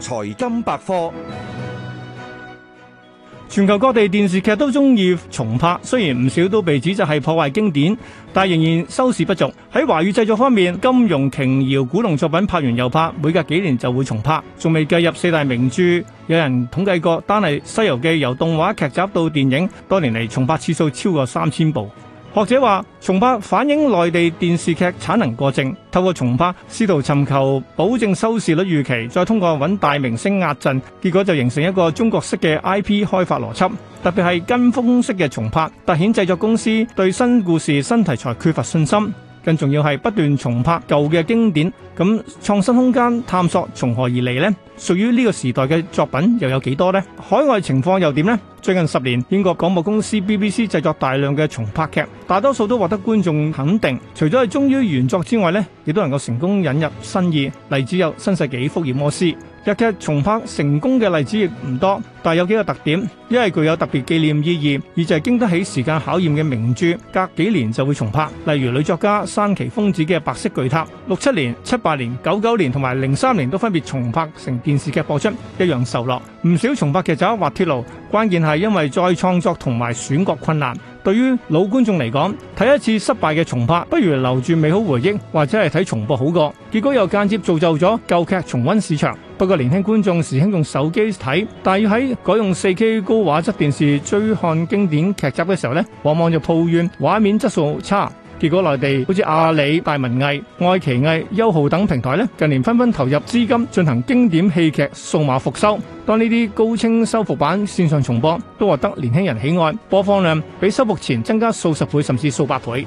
財金百科，全球各地電視劇都中意重拍，雖然唔少都被指責係破壞經典，但仍然收視不俗。喺華語製作方面，金庸、瓊瑤、古龍作品拍完又拍，每隔幾年就會重拍。仲未計入四大名著，有人統計過，單係《西遊記》由動畫劇集到電影，多年嚟，重拍次數超過三千部。學者話，重拍反映內地電視劇產能過剩，透過重拍試圖尋求保證收視率預期，再通過揾大明星壓陣，結果就形成一個中國式嘅 IP 開發邏輯，特別係跟風式嘅重拍，凸顯製作公司對新故事新題材缺乏信心，更重要係不斷重拍舊嘅經典，咁創新空間探索從何而嚟呢？屬於呢個時代嘅作品又有幾多呢？海外情況又點呢？最近十年，英國廣播公司 BBC 製作大量嘅重拍劇，大多數都獲得觀眾肯定。除咗係忠於原作之外，呢亦都能夠成功引入新意。例子有新世紀福爾摩斯。日劇重拍成功嘅例子亦唔多，但係有幾個特點：一係具有特別紀念意義，二就係經得起時間考驗嘅名著，隔幾年就會重拍。例如女作家山崎豐子嘅《白色巨塔》，六七年、七八年、九九年同埋零三年都分別重拍成電視劇播出，一樣受落。唔少重拍劇集滑鐵盧，關鍵係因為再創作同埋選角困難。對於老觀眾嚟講，睇一次失敗嘅重拍，不如留住美好回憶，或者係睇重播好過。結果又間接造就咗舊劇重溫市場。不過年輕觀眾時興用手機睇，但要喺改用 4K 高畫質電視追看經典劇集嘅時候呢，往往就抱怨畫面質素差。結果，內地好似阿里、大文藝、愛奇藝、優酷等平台呢，近年紛紛投入資金進行經典戲劇數碼復修。當呢啲高清修復版線上重播，都獲得年輕人喜愛，播放量比修復前增加數十倍甚至數百倍。